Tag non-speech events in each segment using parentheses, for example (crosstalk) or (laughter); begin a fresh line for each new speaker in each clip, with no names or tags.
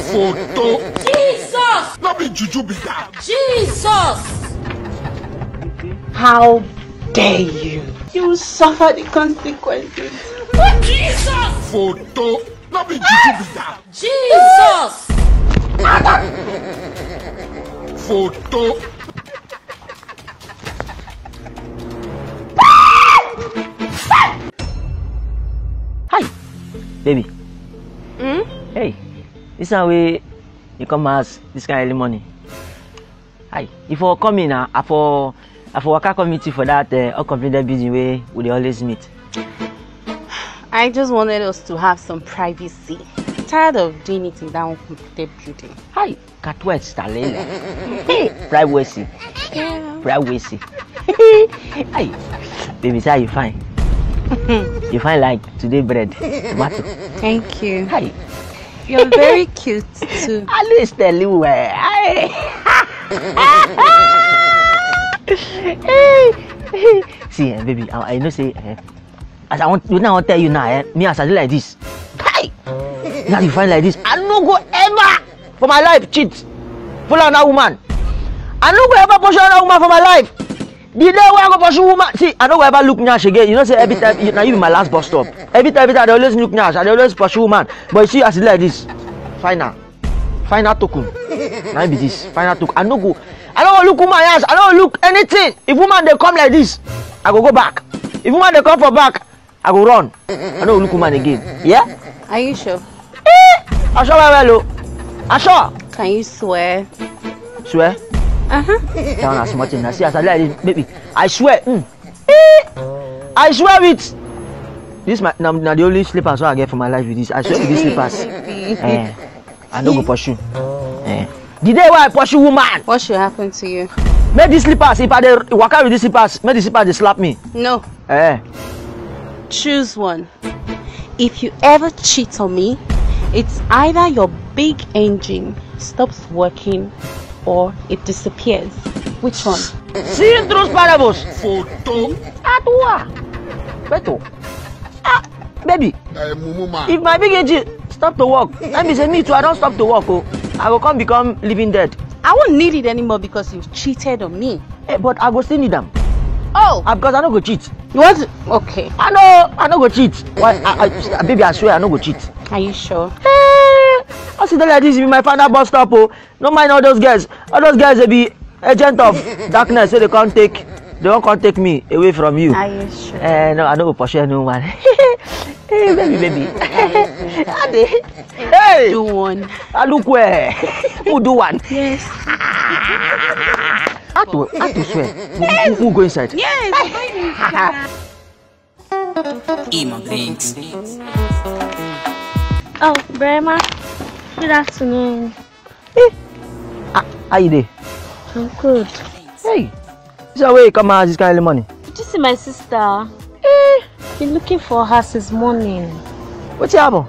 photo. Jesus! Not be juju be that. Jesus! How dare you? You suffer the consequences. What? Oh, Jesus! Photo. Not be juju be that. Jesus! photo.
baby. This time way you come ask this kind of early morning. Hi, if for coming now, ah, I for I for worker committee for that uh, eh, uncompleted building where we always meet.
I just wanted us to have some privacy. I'm tired of doing it in that uncompleted building. Hi,
catwet stalele. hey, privacy. Privacy. Hi, (laughs) baby, how you fine? (laughs) you fine like today bread, tomato.
Thank you. Hi. You're very cute too.
Alice (laughs) tell (laughs) Hey, where. See, eh, baby, I, I know say, eh, as I want, you know, I want tell you now, eh, me as I do like this, hey, now you find like this, I no go ever for my life cheat, follow another woman. I no go ever push another woman for my life. The day wey I go pursue woman, see, I no go ever look nyash again. You know, say every time, you, now you be my last bus stop. Every time, every time, I dey always look nyash, I dey always pursue woman. But you see, as e like this, final, final token, na be this, final token. I no go, I no go look woman nyash, I no go look anything. If woman dey come like this, I go go back. If woman dey come for back, I go run. I no go look woman again. Yeah? Are you sure? Eh, I sure well well o. I
sure. Can you swear? Swear? Uh that one na
small thing I see as i lie like baby i swear mm, eh, i swear it this my na, na the only slippers i get for my life with this i swear with these (laughs) slippers (laughs) eh, i don't go (laughs) pursue eh. the day wey i pursue woman. what should happen to you. make these slippers if i walk waka with these slippers make these slippers they slap me. no. Eh. choose one
if you ever cheat on me it's either your big engine stops working or it disappears. Which one? Cilindros para vos.
Photo. Atua. Beto. Ah, baby. If my big age stop to work, let me say me too. I don't stop to work. Oh, I will come become living dead. I won't need it anymore because you cheated on me. Hey, eh, but I will still need them. Oh. Ah, because I don't go cheat. You want? Okay. I no, I no go cheat. Why? I, I, baby, I swear I no go cheat. Are you sure? i see them like this e be my father bus stop Oh, no mind all those guys. all those guys they be agent of (laughs) darkness so they can't take they won't can't take me away from you. Are you sure? Uh, no, I don't go pursue no one. hey, (laughs) eh, baby, baby.
(laughs) Ade. hey. Do one. I look where.
Who do one? Yes.
I to, I to swear.
Yes. Who, who go inside?
Yes, I'm going Emo things. Oh, Brema. Good afternoon. Hey,
ah, how you there? I'm good. Hey, so where you come out this kind of money?
Did you see my sister? Hey, been looking for her since
morning. What's happened?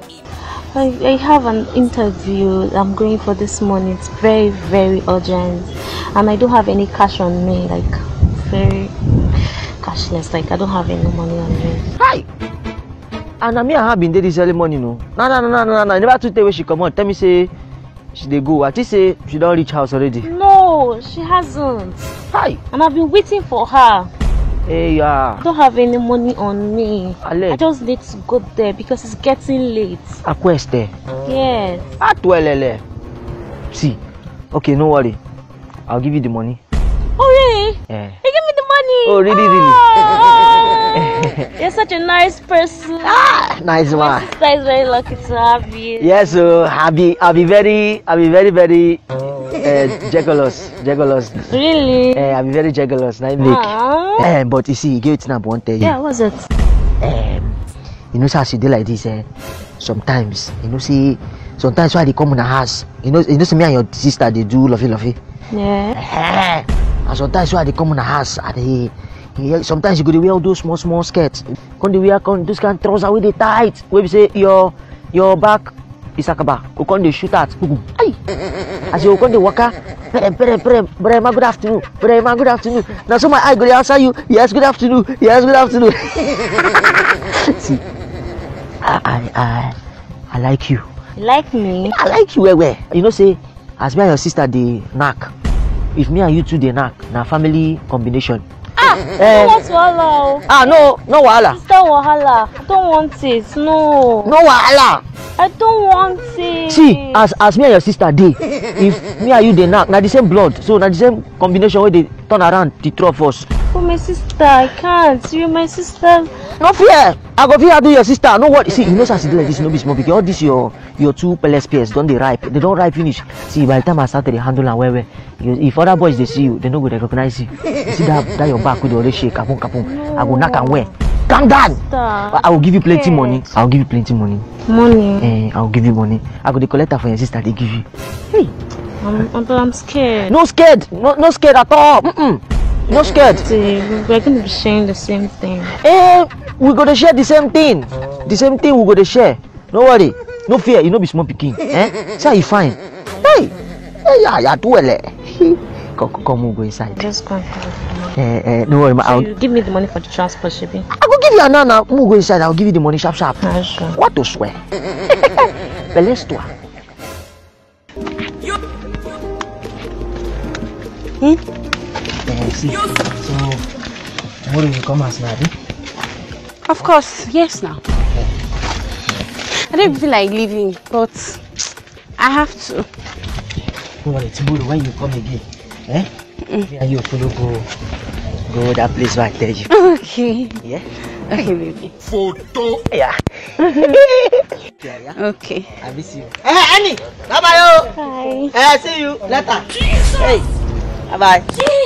I, I have an interview I'm going for this morning. It's very, very urgent. And I don't have any cash on me. Like,
very cashless. Like, I don't have any money on me. Hi! and na me and her bin dey dis early morning o na na na na na i never too tey wey she comot tell me say she dey go i think say she don reach house already.
no she hasn't. hi. and i been waiting for her.
Hey, yeah. I
don't have any money on me. Ale. I just need to go
there because it's getting late. Akweste. Yes. Atwelele. See. Okay, no worry. I'll give you the money. Oh really? Yeah. You
give me the money. Oh really, ah! really? Oh. (laughs)
(laughs)
you're such a nice person. Ah, (laughs) nice one. My sister is very lucky to have you.
Yes, so uh, I'll be, I'll be very, I'll be very, very uh, jealous, jealous. Really? Uh, I'll be very jealous. Night make. Uh, but you see, give it snap one day. Yeah, what's it? Um, you know how she did like this. Eh? Sometimes, you know, see, sometimes why they come in the house. You know, you know, see me and your sister they do lovey lovey. Yeah. Uh-huh. and sometimes why they come in the house and they. Yeah, sometimes you go dey wear all those small small skirts come dey wear come those kind trouser wey dey tight wey be say your your back is akaba go come dey shoot at ai as you go come dey waka pere pere pere brema good afternoon brema good afternoon na so my eye go dey answer you yes good afternoon yes good afternoon (laughs) see i i i like you. you like me. i like you well well you know say as me and your sister dey knack if me and you two dey knack na family combination
Eh. no what wahala o. ah no no wahala. sister wahala i don't want it no. no wahala. i don't want it. see
as as me and your sister dey if me and you dey knack na the same blood so na the same combination wey dey turn around the two of us
for my sister. I can't. You my sister.
No fear. I go fear do your sister. No what? See, you know, as you do like this, you know, be small because all this your your two pellets pears don't they ripe. They don't ripe finish. See, by the time I start to handle and where if other boys they see you, they no go recognize you. you see that that your back with already shake. Kapun kapun. No. I go knock and wear. Calm down. Stop. I will give you plenty yes. money. I will give you plenty money. Money. Eh, I will give you money. I go the collector for your sister. They give you. Hey. I'm, I'm scared. No scared. No, no scared at all. Mm -mm. No scared. We're going to be sharing the same thing. Eh, we going to share the same thing. The same thing we going to share. No worry. No fear. You know, be small picking. Eh? Say, you fine. Hey. Hey, yeah, yeah, do it. Come, come, we go inside. Just go inside. Eh, eh, no worry. So I'll... give me the money for the transport shipping. I go give you now, now. we go inside. I'll give you the money sharp, sharp. Ah, sure. What to swear? (laughs) Bless toi. Hmm? obviously. So, tomorrow you come as Nadi?
Of course, yes now. I don't feel like leaving, but I have to.
do tomorrow when you come again, eh? Mm. you follow go, go that place where I tell you. Okay. Yeah? Okay, baby. Photo. Yeah. yeah, (laughs) yeah. Okay. I miss you. Hey, eh, Annie! Bye-bye! Oh. Bye. Hey, eh, I see you later. Jesus. Hey, bye-bye.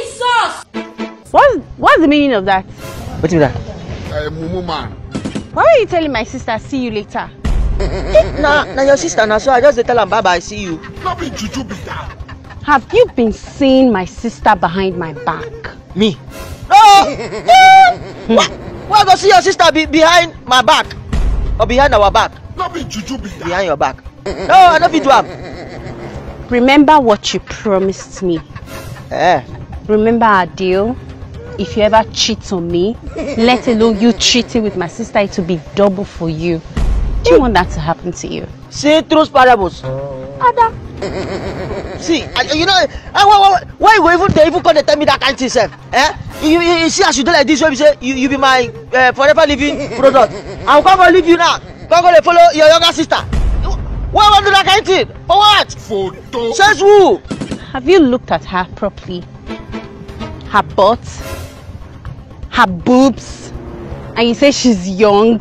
What's, what's the meaning of that? What's that? I'm Uh, mumu man. Why are you telling my sister, see you later?
now, (laughs) eh, now your sister, now, so I just tell her, bye bye, see you.
Not be juju be Have you been seeing my sister behind my back?
Me? No! what? (laughs) Eh. Hmm. Why go see your sister be behind my back? Or behind our back? Not be juju be Behind your back. No, I don't be do
Remember what you promised me. Eh? Remember our deal? if you ever cheat on me, let alone you cheating with my sister, it will be double for you.
Do you want that to happen to you? See, those parables. Ada. See, you know, eh, why, why, why, why even they even come and tell me that kind thing, sir? Eh? You, you, you see, as you do like this, you say you, you be my uh, forever living brother. I'm going to leave you now. Go go and follow your younger sister. Why want to do that kind of thing? For what? Photo. Says
who? Have you looked at her properly? Her butt? her boobs, and you say she's young.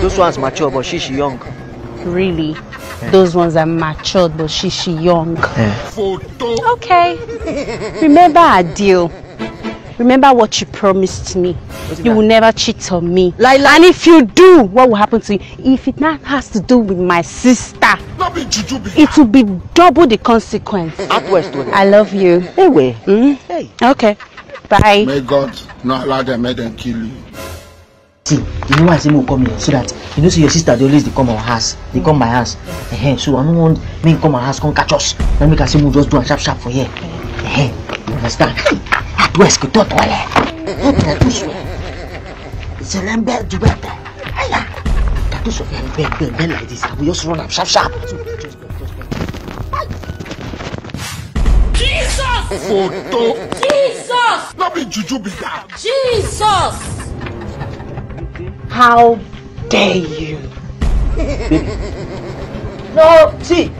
Those ones mature, but she's young.
Really? Yeah. Those ones are matured, but she's she young. Yeah. Okay. Remember our deal. Remember what you promised me. You will never cheat on me. Like, And if you do, what will happen to you? If it has to do with my sister, it will be double the consequence.
I
love you. Anyway. Mm? Hey. Okay.
Bye. May God not allow them, may them kill you. See, you know why I say make come here so that you know see your sister they always they come our house they come my house uh-huh. so I no want make come our house come catch us na make I say we just do a sharp sharp for here uh-huh. you understand? Tú escuchó tu ale. Se le envía tu vete. Ella. That is okay. bend, bend, bend like this. We just run up sharp, sharp.
Jesus! Photo! No be juju be that. Jesus! How dare you?
No, see.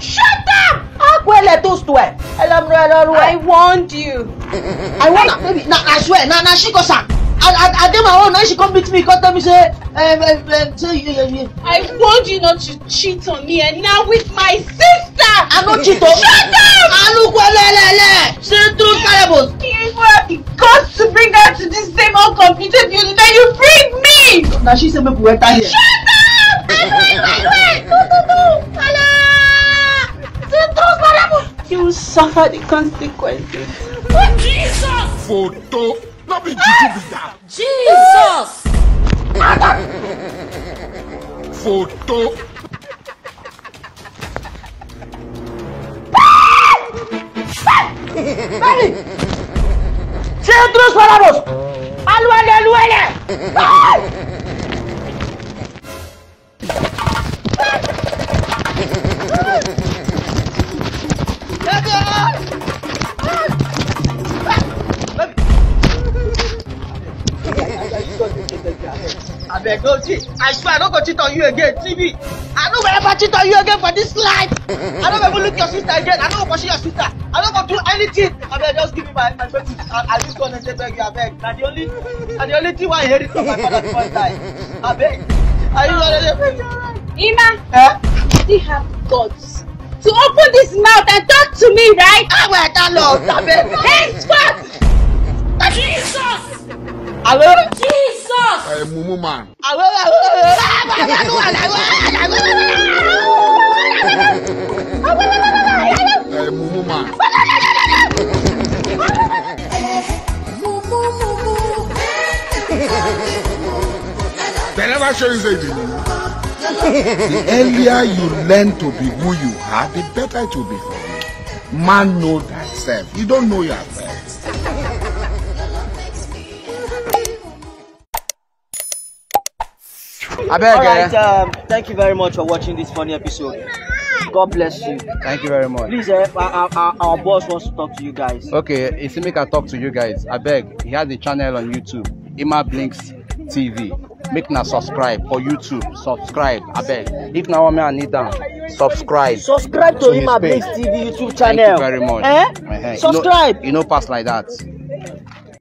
Shut up! Akwele toast to her. I warned you. I warned her. Baby, now. I swear, Now, now, she goes up. I, I, I did my own. Now she come beat me. Come tell me say, um, um, um, say you, you, you. I warned you not to cheat on me, and now with my sister. I
no cheat on. Shut up! I Alukwelelele. She too terrible. people have the guts to bring her to this same uncompleted building, that you bring me? Now she said people were here. Shut up! I know it, You will suffer the consequences. Oh, Jesus!
Photo! Not be Jesus!
Photo!
Mary! Centros parados. ¡Alu, ¡Al alu! ¡Ah! abeg no oh, see i swear i no go cheat on you again see i no go ever cheat on you again for this life i no go even look your sister again i no go pursue your sister i no go do anything abeg just give me my my baby and i just wan say beg you abeg na the only na the only thing wey i inherit from my father before he die abeg
are you ready to beg you.
Ima eh? you still have guts to open
this mouth and talk to me right. awo ẹ ta lọ ọta Hey, henceforth. jesus. Hello. jesus. Jesus. ẹ eh, mú mú ma. àwọn àwọn àwọn àwọn àwọn àwọn àwọn eh,
àwọn. ẹ mú mú ma. They never show you say the earlier you
learn to be who you are, the better it will be for you. Man know thyself. You don't know yourself.
abeg all right eh. um, thank you very much for watching this funny episode god bless you thank you very much please uh, our, our, our boss wants to talk to you guys
okay isimi can talk to you guys abeg he has a channel on youtube ima blinks tv make na subscribe for youtube subscribe abeg if na one man i need am subscribe subscribe to, to ima blinks tv youtube channel thank you very much eh? Uh -huh. subscribe
you no, know, you know pass like that.